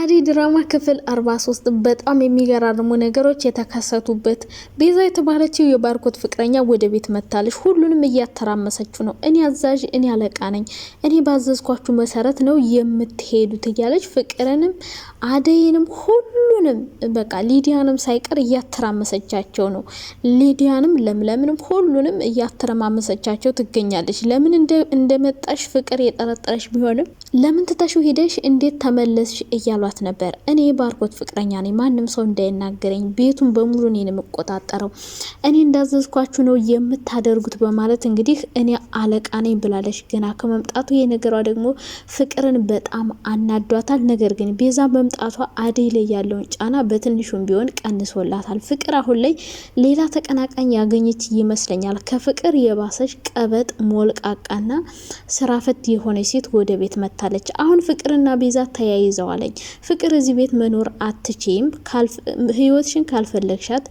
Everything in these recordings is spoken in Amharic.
አደይ ድራማ ክፍል 43 በጣም የሚገራርሙ ነገሮች የተከሰቱበት። ቤዛ የተባለችው የባርኮት ፍቅረኛ ወደ ቤት መታለች። ሁሉንም እያተራመሰችው ነው። እኔ አዛዥ፣ እኔ አለቃ ነኝ፣ እኔ ባዘዝኳችሁ መሰረት ነው የምትሄዱት እያለች ፍቅርንም አደይንም ሁሉ ሁሉንም በቃ ሊዲያንም ሳይቀር እያተራመሰቻቸው ነው። ሊዲያንም ለምለምንም ሁሉንም እያተረማመሰቻቸው ትገኛለች። ለምን እንደመጣሽ ፍቅር የጠረጠረሽ ቢሆንም ለምን ትተሹ ሂደሽ እንዴት ተመለስሽ እያሏት ነበር። እኔ ባርኮት ፍቅረኛ ነኝ፣ ማንም ሰው እንዳይናገረኝ፣ ቤቱን በሙሉ ነው የምቆጣጠረው እኔ እንዳዘዝኳችሁ ነው የምታደርጉት በማለት እንግዲህ እኔ አለቃ ነኝ ብላለች። ገና ከመምጣቱ የነገሯ ደግሞ ፍቅርን በጣም አናዷታል። ነገር ግን ቤዛ መምጣቷ አደይ ላይ ያለው ጫና በትንሹም ቢሆን ቀንሶላታል። ፍቅር አሁን ላይ ሌላ ተቀናቃኝ ያገኘች ይመስለኛል። ከፍቅር የባሰች ቀበጥ፣ ሞልቃቃና ስራፈት የሆነች ሴት ወደ ቤት መታለች። አሁን ፍቅርና ቤዛ ተያይዘዋለኝ። ፍቅር እዚህ ቤት መኖር አትችም፣ ህይወትሽን ካልፈለግሻት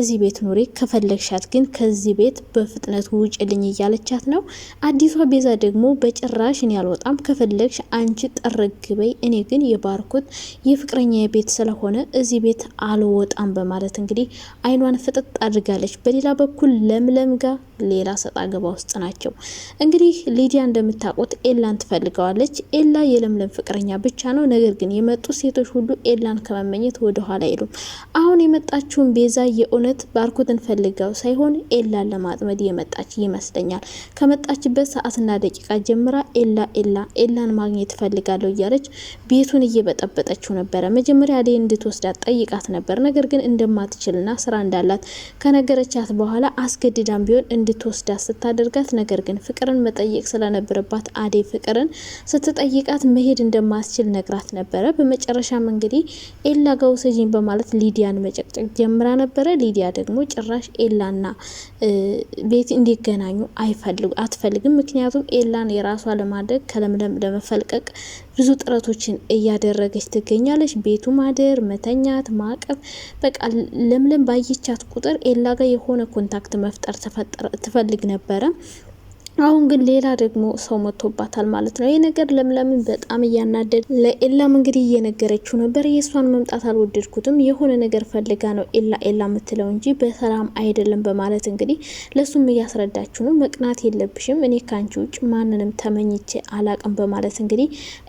እዚህ ቤት ኑሪ፣ ከፈለግሻት ግን ከዚህ ቤት በፍጥነት ውጭልኝ እያለቻት ነው። አዲሷ ቤዛ ደግሞ በጭራሽ እኔ አልወጣም፣ ከፈለግሽ አንቺ ጠረግበይ፣ እኔ ግን የባርኩት የፍቅረኛ ቤት ስለሆነ ከሆነ እዚህ ቤት አልወጣም በማለት እንግዲህ አይኗን ፍጥጥ አድርጋለች። በሌላ በኩል ለምለም ጋር ሌላ ሰጣ ገባ ውስጥ ናቸው። እንግዲህ ሊዲያ እንደምታውቁት ኤላን ትፈልገዋለች። ኤላ የለምለም ፍቅረኛ ብቻ ነው። ነገር ግን የመጡ ሴቶች ሁሉ ኤላን ከመመኘት ወደኋላ አይሉም። አሁን የመጣችውን ቤዛ የእውነት ባርኮትን ፈልገው ሳይሆን ኤላን ለማጥመድ የመጣች ይመስለኛል። ከመጣችበት ሰዓትና ደቂቃ ጀምራ ኤላ ኤላ ኤላን ማግኘት ትፈልጋለሁ እያለች ቤቱን እየበጠበጠችው ነበረ። መጀመሪያ ላይ እንድት እንድትወስዳት ጠይቃት ነበር። ነገር ግን እንደማትችልና ስራ እንዳላት ከነገረቻት በኋላ አስገድዳም ቢሆን እንድትወስዳት ስታደርጋት፣ ነገር ግን ፍቅርን መጠየቅ ስለነበረባት አዴ ፍቅርን ስትጠይቃት መሄድ እንደማትችል ነግራት ነበረ። በመጨረሻም እንግዲህ ኤላ ጋ ውሰጂኝ በማለት ሊዲያን መጨቅጨቅ ጀምራ ነበረ። ሊዲያ ደግሞ ጭራሽ ኤላና ቤት እንዲገናኙ አይፈልጉ አትፈልግም። ምክንያቱም ኤላን የራሷ ለማድረግ ከለምለም ለመፈልቀቅ ብዙ ጥረቶችን እያደረገች ትገኛለች። ቤቱ ማደር፣ መተኛት፣ ማቀፍ በቃ ለምለም ባየቻት ቁጥር ኤላ ጋር የሆነ ኮንታክት መፍጠር ትፈልግ ነበረ። አሁን ግን ሌላ ደግሞ ሰው መጥቶባታል ማለት ነው። ይህ ነገር ለምለምን በጣም እያናደድ ለኤላም እንግዲህ እየነገረችው ነበር። የእሷን መምጣት አልወደድኩትም፣ የሆነ ነገር ፈልጋ ነው ኤላ ኤላ የምትለው እንጂ በሰላም አይደለም በማለት እንግዲህ ለሱም እያስረዳችው ነው። መቅናት የለብሽም እኔ ካንቺ ውጭ ማንንም ተመኝቼ አላቅም በማለት እንግዲህ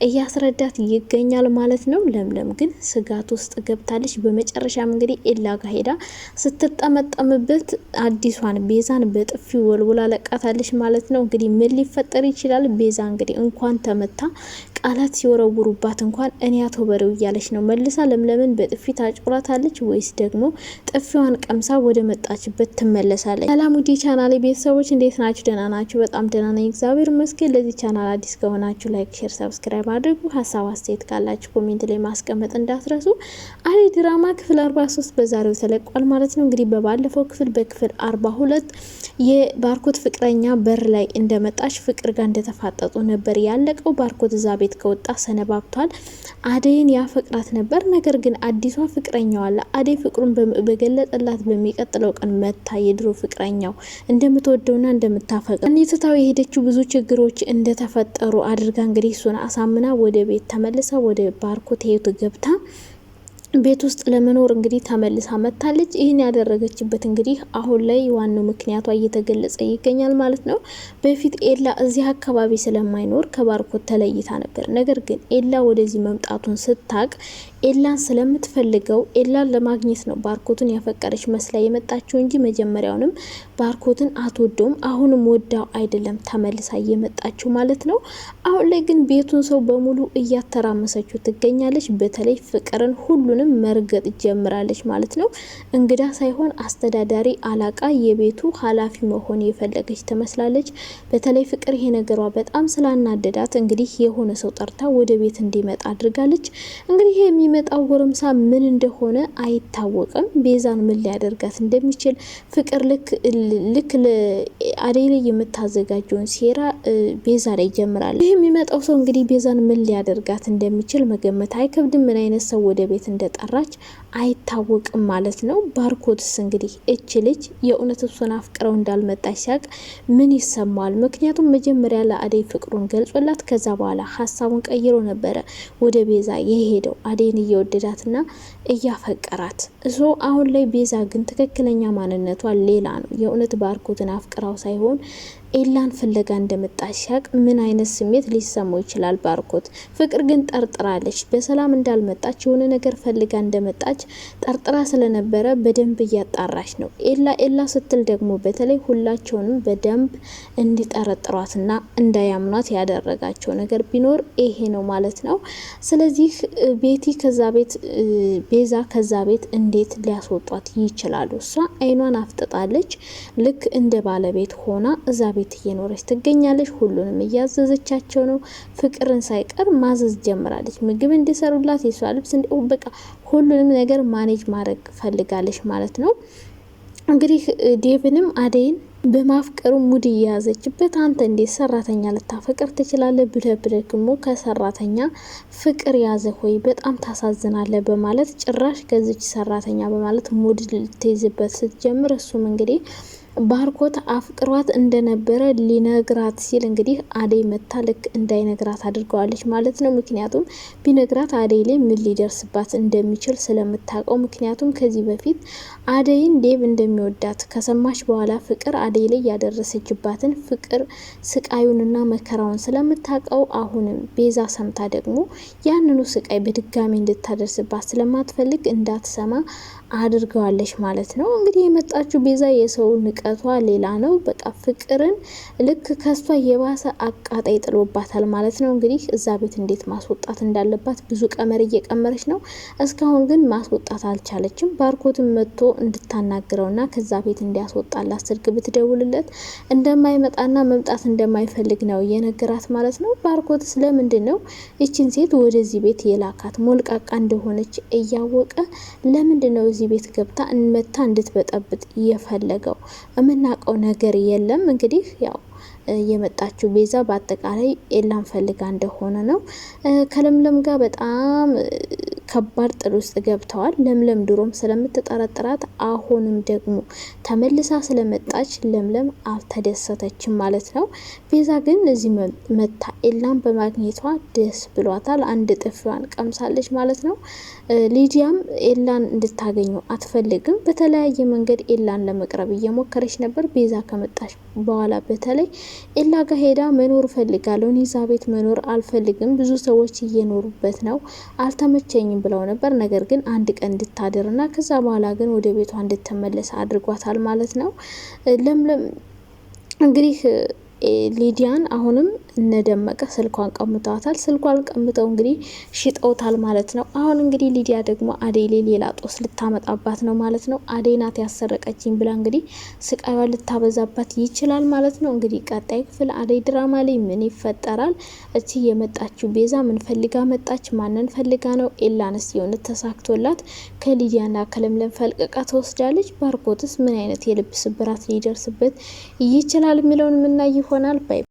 እያስረዳት ይገኛል ማለት ነው። ለምለም ግን ስጋት ውስጥ ገብታለች። በመጨረሻም እንግዲህ ኤላ ጋ ሄዳ ስትጠመጠምበት አዲሷን ቤዛን በጥፊ ወልውላ ለቃታለች ማለት ነው። ነው። እንግዲህ ምን ሊፈጠር ይችላል? ቤዛ እንግዲህ እንኳን ተመታ ቃላት ሲወረውሩባት እንኳን እኔ አቶ በሬው እያለች ነው መልሳ ለምለምን በጥፊት አጭቁራታለች፣ ወይስ ደግሞ ጥፊዋን ቀምሳ ወደ መጣችበት ትመለሳለች? ሰላም ውዴ ቻናሌ ቤተሰቦች እንዴት ናችሁ? ደህና ናችሁ? በጣም ደህና ነኝ እግዚአብሔር ይመስገን። ለዚህ ቻናል አዲስ ከሆናችሁ ላይክ፣ ሼር፣ ሰብስክራይብ አድርጉ። ሀሳብ አስተያየት ካላችሁ ኮሜንት ላይ ማስቀመጥ እንዳትረሱ። አደይ ድራማ ክፍል 43 በዛሬው ተለቋል ማለት ነው። እንግዲህ በባለፈው ክፍል በክፍል 42 የባርኮት ፍቅረኛ በር ላይ እንደመጣች ፍቅር ጋር እንደተፋጠጡ ነበር ያለቀው ባርኮት ዛቤ ከቤት ከወጣ ሰነባብቷል። አደይን ያፈቅራት ነበር። ነገር ግን አዲሷ አለ አዴ ፍቅሩን በገለጠላት በሚቀጥለው ቀን መታ የድሮ ፍቅረኛው እንደምትወደውና እንደምታፈቅር ትታው የሄደችው ብዙ ችግሮች እንደተፈጠሩ አድርጋ እንግዲህ እሱን አሳምና ወደ ቤት ተመልሳ ወደ ባርኮት ገብታ ቤት ውስጥ ለመኖር እንግዲህ ተመልሳ መጥታለች። ይህን ያደረገችበት እንግዲህ አሁን ላይ ዋናው ምክንያቷ እየተገለጸ ይገኛል ማለት ነው። በፊት ኤላ እዚህ አካባቢ ስለማይኖር ከባርኮት ተለይታ ነበር። ነገር ግን ኤላ ወደዚህ መምጣቱን ስታቅ ኤላን ስለምትፈልገው ኤላን ለማግኘት ነው ባርኮትን ያፈቀረች መስላ የመጣችው እንጂ መጀመሪያውንም ባርኮትን አትወደውም። አሁንም ወዳው አይደለም ተመልሳ እየመጣችው ማለት ነው። አሁን ላይ ግን ቤቱን ሰው በሙሉ እያተራመሰችው ትገኛለች። በተለይ ፍቅርን ሁሉንም መርገጥ ጀምራለች ማለት ነው። እንግዳ ሳይሆን አስተዳዳሪ አላቃ የቤቱ ኃላፊ መሆን የፈለገች ትመስላለች። በተለይ ፍቅር ይሄ ነገሯ በጣም ስላናደዳት እንግዲህ የሆነ ሰው ጠርታ ወደ ቤት እንዲመጣ አድርጋለች። እንግዲህ የሚመጣው ጎረምሳ ምን እንደሆነ አይታወቅም። ቤዛን ምን ሊያደርጋት እንደሚችል ፍቅር ልክ አደይ ላይ የምታዘጋጀውን ሴራ ቤዛ ላይ ይጀምራል። ይህ የሚመጣው ሰው እንግዲህ ቤዛን ምን ሊያደርጋት እንደሚችል መገመት አይከብድም። ምን አይነት ሰው ወደ ቤት እንደጠራች አይታወቅም ማለት ነው። ባርኮትስ እንግዲህ እች ልጅ የእውነት እሱን አፍቅረው እንዳልመጣች ሲያቅ ምን ይሰማዋል? ምክንያቱም መጀመሪያ ለአደይ ፍቅሩን ገልጾላት ከዛ በኋላ ሀሳቡን ቀይሮ ነበረ ወደ ቤዛ የሄደው አደይን እየወደዳትና እያፈቀራት እሶ አሁን ላይ ቤዛ ግን ትክክለኛ ማንነቷ ሌላ ነው። የእውነት ባርኮትን አፍቅራው ሳይሆን ኤላን ፍለጋ እንደመጣች ሲያቅ ምን አይነት ስሜት ሊሰማው ይችላል? ባርኮት ፍቅር ግን ጠርጥራለች። በሰላም እንዳልመጣች የሆነ ነገር ፈልጋ እንደመጣች ጠርጥራ ስለነበረ በደንብ እያጣራች ነው። ኤላ ኤላ ስትል ደግሞ በተለይ ሁላቸውንም በደንብ እንዲጠረጥሯትና እንዳያምኗት ያደረጋቸው ነገር ቢኖር ይሄ ነው ማለት ነው። ስለዚህ ቤቲ ከዛ ቤት ቤዛ ከዛ ቤት እንዴት ሊያስወጧት ይችላሉ? እሷ አይኗን አፍጥጣለች። ልክ እንደ ባለቤት ሆና እዛ ቤት ቤት እየኖረች ትገኛለች። ሁሉንም እያዘዘቻቸው ነው። ፍቅርን ሳይቀር ማዘዝ ጀምራለች። ምግብ እንዲሰሩላት፣ የሷ ልብስ እንዲ በቃ ሁሉንም ነገር ማኔጅ ማድረግ ፈልጋለች ማለት ነው። እንግዲህ ዴቭንም አደይን በማፍቀሩ ሙድ እየያዘችበት አንተ እንዴት ሰራተኛ ልታፈቅር ትችላለህ? ብለ ብለህ ከሰራተኛ ፍቅር ያዘ ሆይ በጣም ታሳዝናለህ፣ በማለት ጭራሽ ከዚች ሰራተኛ በማለት ሙድ ልትይዝበት ስትጀምር እሱም እንግዲህ ባርኮት አፍቅሯት እንደነበረ ሊነግራት ሲል እንግዲህ አደይ መታ ልክ እንዳይነግራት አድርገዋለች ማለት ነው። ምክንያቱም ቢነግራት አደይ ላይ ምን ሊደርስባት እንደሚችል ስለምታውቀው፣ ምክንያቱም ከዚህ በፊት አደይን ዴብ እንደሚወዳት ከሰማች በኋላ ፍቅር አደይ ላይ ያደረሰችባትን ፍቅር ስቃዩንና መከራውን ስለምታውቀው፣ አሁንም ቤዛ ሰምታ ደግሞ ያንኑ ስቃይ በድጋሚ እንድታደርስባት ስለማትፈልግ እንዳትሰማ አድርገዋለች ማለት ነው። እንግዲህ የመጣችው ቤዛ የሰው ንቀቷ ሌላ ነው። በቃ ፍቅርን ልክ ከሷ የባሰ አቃጣይ ጥሎባታል ማለት ነው። እንግዲህ እዛ ቤት እንዴት ማስወጣት እንዳለባት ብዙ ቀመር እየቀመረች ነው። እስካሁን ግን ማስወጣት አልቻለችም። ባርኮትን መጥቶ እንድታናግረውና ከዛ ቤት እንዲያስወጣላት ስልክ ብትደውልለት እንደማይመጣና መምጣት እንደማይፈልግ ነው የነገራት ማለት ነው። ባርኮት ስለምንድን ነው ይችን ሴት ወደዚህ ቤት የላካት? ሞልቃቃ እንደሆነች እያወቀ ለምንድን ነው እዚህ እዚህ ቤት ገብታ መታ እንድትበጠብጥ የፈለገው የምናውቀው ነገር የለም። እንግዲህ ያው የመጣችው ቤዛ በአጠቃላይ ኤላን ፈልጋ እንደሆነ ነው። ከለምለም ጋር በጣም ከባድ ጥል ውስጥ ገብተዋል። ለምለም ድሮም ስለምትጠረጥራት አሁንም ደግሞ ተመልሳ ስለመጣች ለምለም አልተደሰተችም ማለት ነው። ቤዛ ግን እዚህ መታ ኤላን በማግኘቷ ደስ ብሏታል። አንድ ጥፍሯን ቀምሳለች ማለት ነው። ሊዲያም ኤላን እንድታገኘው አትፈልግም። በተለያየ መንገድ ኤላን ለመቅረብ እየሞከረች ነበር። ቤዛ ከመጣች በኋላ በተለይ ኤላ ጋር ሄዳ መኖር እፈልጋለሁ፣ እኔ እዛ ቤት መኖር አልፈልግም፣ ብዙ ሰዎች እየኖሩበት ነው፣ አልተመቸኝም ብለው ነበር። ነገር ግን አንድ ቀን እና ከዛ በኋላ ግን ወደ ቤቷ እንድትመለስ አድርጓታል ማለት ነው። ለምለም እንግዲህ ሊዲያን አሁንም እነደመቀ ስልኳን ቀምተዋታል። ስልኳን ቀምተው እንግዲህ ሽጠውታል ማለት ነው። አሁን እንግዲህ ሊዲያ ደግሞ አዴ ላይ ሌላ ጦስ ልታመጣባት ነው ማለት ነው። አዴ ናት ያሰረቀችኝ ብላ እንግዲህ ስቃዩን ልታበዛባት ይችላል ማለት ነው። እንግዲህ ቀጣይ ክፍል አዴ ድራማ ላይ ምን ይፈጠራል? እቺ የመጣችው ቤዛ ምን ፈልጋ መጣች? ማንን ፈልጋ ነው? ኤላንስ የሆነ ተሳክቶላት ከሊዲያና ከለምለም ፈልቅቃ ተወስዳለች? ባርኮትስ ምን አይነት የልብ ስብራት ሊደርስበት ይችላል የሚለውን የምናየው? Juan Alpe.